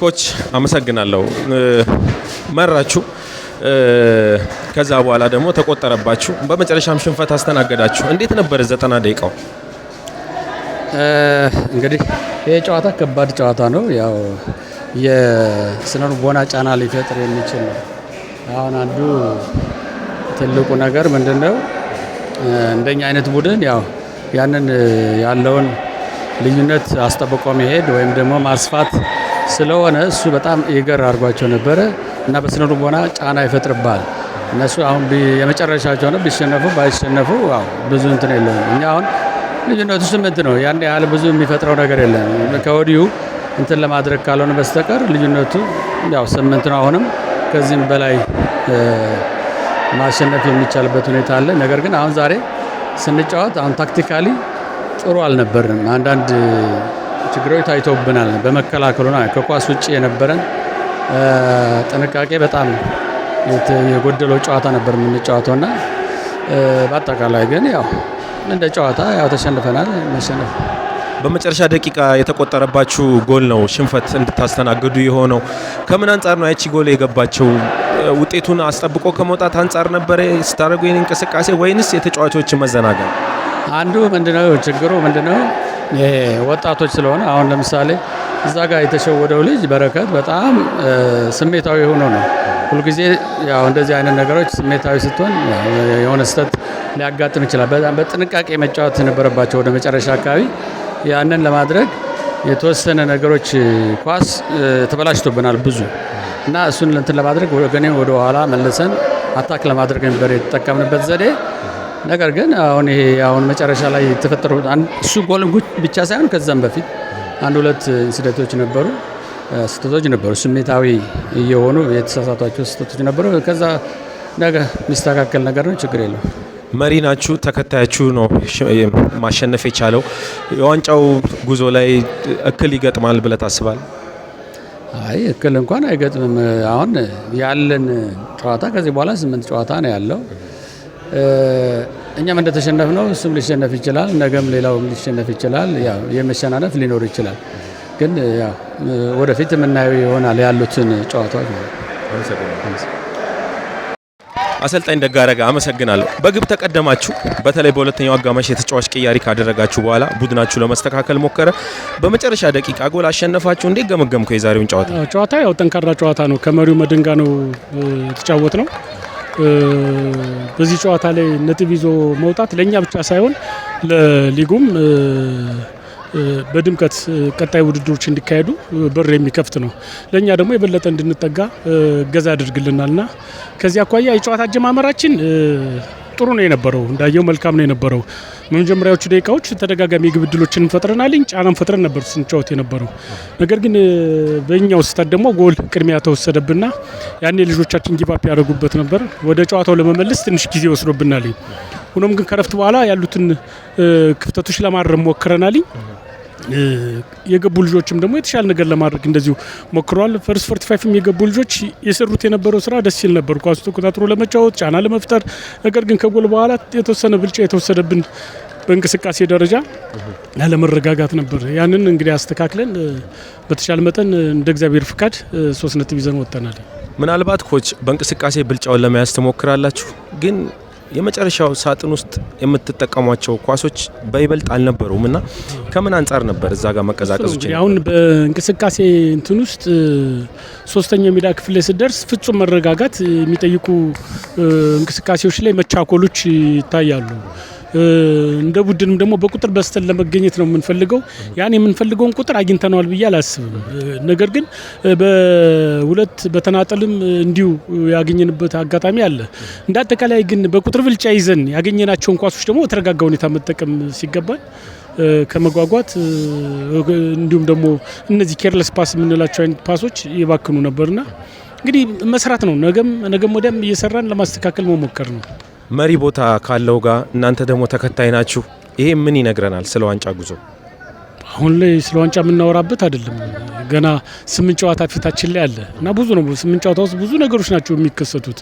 ኮች አመሰግናለሁ። መራችሁ፣ ከዛ በኋላ ደግሞ ተቆጠረባችሁ፣ በመጨረሻም ሽንፈት አስተናገዳችሁ። እንዴት ነበር ዘጠና ደቂቃው? እንግዲህ ይህ ጨዋታ ከባድ ጨዋታ ነው። ያው የስነ ልቦና ጫና ሊፈጥር የሚችል ነው። አሁን አንዱ ትልቁ ነገር ምንድን ነው? እንደኛ አይነት ቡድን ያው ያንን ያለውን ልዩነት አስጠብቆ መሄድ ወይም ደግሞ ማስፋት ስለሆነ እሱ በጣም ይገር አድርጓቸው ነበረ እና በስነ ልቦና ጫና ይፈጥርባል። እነሱ አሁን የመጨረሻቸው ነው ቢሸነፉ ባይሸነፉ ብዙ እንትን የለም። እኛ አሁን ልዩነቱ ስምንት ነው። ያን ያህል ብዙ የሚፈጥረው ነገር የለም ከወዲሁ እንትን ለማድረግ ካልሆነ በስተቀር ልዩነቱ ያው ስምንት ነው። አሁንም ከዚህም በላይ ማሸነፍ የሚቻልበት ሁኔታ አለ። ነገር ግን አሁን ዛሬ ስንጫወት አሁን ታክቲካሊ ጥሩ አልነበርንም አንዳንድ ችግሮች ታይቶብናል። በመከላከሉና ከኳስ ውጭ የነበረን ጥንቃቄ በጣም የጎደለው ጨዋታ ነበር የምንጫወተው በአጠቃላይ ግን ያው እንደ ጨዋታ ያው ተሸንፈናል። መሸነፍ በመጨረሻ ደቂቃ የተቆጠረባችሁ ጎል ነው ሽንፈት እንድታስተናግዱ የሆነው ከምን አንጻር ነው ያቺ ጎል የገባቸው? ውጤቱን አስጠብቆ ከመውጣት አንጻር ነበረ ስታደርጉ እንቅስቃሴ ወይንስ የተጫዋቾች መዘናጋት? አንዱ ምንድነው ችግሩ ምንድነው ወጣቶች ስለሆነ አሁን ለምሳሌ እዛ ጋር የተሸወደው ልጅ በረከት በጣም ስሜታዊ ሆኖ ነው ሁልጊዜ ያው እንደዚህ አይነት ነገሮች ስሜታዊ ስትሆን የሆነ ስህተት ሊያጋጥም ይችላል። በጣም በጥንቃቄ መጫወት የነበረባቸው ወደ መጨረሻ አካባቢ ያንን ለማድረግ የተወሰነ ነገሮች ኳስ ተበላሽቶብናል ብዙ እና እሱን እንትን ለማድረግ ወገኔ ወደ ኋላ መልሰን አታክ ለማድረግ ነበር የተጠቀምንበት ዘዴ። ነገር ግን አሁን ይሄ አሁን መጨረሻ ላይ የተፈጠሩ እሱ ጎል ብቻ ሳይሆን ከዛም በፊት አንድ ሁለት ኢንሲደንቶች ነበሩ፣ ስህተቶች ነበሩ፣ ስሜታዊ እየሆኑ የተሳሳቷቸው ስህተቶች ነበሩ። ከዛ ነገር የሚስተካከል ነገር ነው፣ ችግር የለው። መሪ ናችሁ፣ ተከታያችሁ ነው ማሸነፍ የቻለው። የዋንጫው ጉዞ ላይ እክል ይገጥማል ብለ ታስባል አይ እክል እንኳን አይገጥምም። አሁን ያለን ጨዋታ ከዚህ በኋላ ስምንት ጨዋታ ነው ያለው እኛም እንደተሸነፍ ነው እሱም ሊሸነፍ ይችላል፣ ነገም ሌላውም ሊሸነፍ ይችላል። ያው የመሸናነፍ ሊኖር ይችላል። ግን ያው ወደፊት የምናየው ይሆናል ያሉትን ጨዋታዎች አሰልጣኝ ደጋረጋ አመሰግናለሁ። በግብ ተቀደማችሁ። በተለይ በሁለተኛው አጋማሽ የተጫዋች ቅያሪ ካደረጋችሁ በኋላ ቡድናችሁ ለመስተካከል ሞከረ። በመጨረሻ ደቂቃ ጎል አሸነፋችሁ። እንዴት ገመገምከው የዛሬውን ጨዋታ? ጨዋታ ያው ጠንካራ ጨዋታ ነው። ከመሪው መድንጋ ነው የተጫወት ነው በዚህ ጨዋታ ላይ ነጥብ ይዞ መውጣት ለእኛ ብቻ ሳይሆን ለሊጉም በድምቀት ቀጣይ ውድድሮች እንዲካሄዱ በር የሚከፍት ነው። ለእኛ ደግሞ የበለጠ እንድንጠጋ እገዛ አድርግልናልና ከዚህ አኳያ የጨዋታ አጀማመራችን ጥሩ ነው የነበረው፣ እንዳየው መልካም ነው የነበረው። በመጀመሪያዎቹ ደቂቃዎች ተደጋጋሚ ግብ ዕድሎችን ፈጥረናልኝ፣ ጫናም ፈጥረን ነበር ስንጫወት የነበረው። ነገር ግን በእኛው ስህተት ደግሞ ጎል ቅድሚያ ተወሰደብና ያኔ ልጆቻችን ጊባፕ ያደረጉበት ነበር። ወደ ጨዋታው ለመመለስ ትንሽ ጊዜ ወስዶብናልኝ። ሆኖም ግን ከረፍት በኋላ ያሉትን ክፍተቶች ለማረም ሞክረናልኝ። የገቡ ልጆችም ደግሞ የተሻለ ነገር ለማድረግ እንደዚሁ ሞክረዋል። ፈርስ ፎርቲ የገቡ ልጆች የሰሩት የነበረው ስራ ደስ ሲል ነበር፣ ኳሱ ተቆጣጥሮ ለመጫወት ጫና ለመፍጠር። ነገር ግን ከጎል በኋላ የተወሰነ ብልጫ የተወሰደብን በእንቅስቃሴ ደረጃ ያለመረጋጋት ነበር። ያንን እንግዲህ አስተካክለን በተሻለ መጠን እንደ እግዚአብሔር ፍቃድ ሶስት ነጥብ ይዘን ወጥተናል። ምናልባት ኮች በእንቅስቃሴ ብልጫውን ለመያዝ ትሞክራላችሁ ግን የመጨረሻው ሳጥን ውስጥ የምትጠቀሟቸው ኳሶች በይበልጥ አልነበሩም እና ከምን አንጻር ነበር እዛ ጋር መቀዛቀዞች? አሁን በእንቅስቃሴ እንትን ውስጥ ሶስተኛው ሜዳ ክፍል ስደርስ ፍጹም መረጋጋት የሚጠይቁ እንቅስቃሴዎች ላይ መቻኮሎች ይታያሉ። እንደ ቡድንም ደግሞ በቁጥር በስተን ለመገኘት ነው የምንፈልገው። ያን የምንፈልገውን ቁጥር አግኝተነዋል ብዬ አላስብም። ነገር ግን በሁለት በተናጠልም እንዲሁ ያገኘንበት አጋጣሚ አለ። እንደ አጠቃላይ ግን በቁጥር ብልጫ ይዘን ያገኘናቸውን ኳሶች ደግሞ በተረጋጋ ሁኔታ መጠቀም ሲገባል ከመጓጓት እንዲሁም ደግሞ እነዚህ ኬርለስ ፓስ የምንላቸው አይነት ፓሶች ይባክኑ ነበርና እንግዲህ መስራት ነው ነገም ነገም ወዲያም እየሰራን ለማስተካከል መሞከር ነው። መሪ ቦታ ካለው ጋር እናንተ ደግሞ ተከታይ ናችሁ። ይሄ ምን ይነግረናል ስለ ዋንጫ ጉዞ? አሁን ላይ ስለ ዋንጫ የምናወራበት አይደለም። ገና ስምንት ጨዋታ ፊታችን ላይ አለ እና ብዙ ነው። ስምንት ጨዋታ ውስጥ ብዙ ነገሮች ናቸው የሚከሰቱት።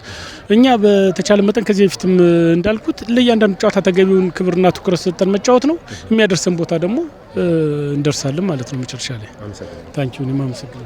እኛ በተቻለ መጠን ከዚህ በፊትም እንዳልኩት ለእያንዳንዱ ጨዋታ ተገቢውን ክብርና ትኩረት ሰጠን መጫወት ነው። የሚያደርሰን ቦታ ደግሞ እንደርሳለን ማለት ነው መጨረሻ ላይ ታንኪ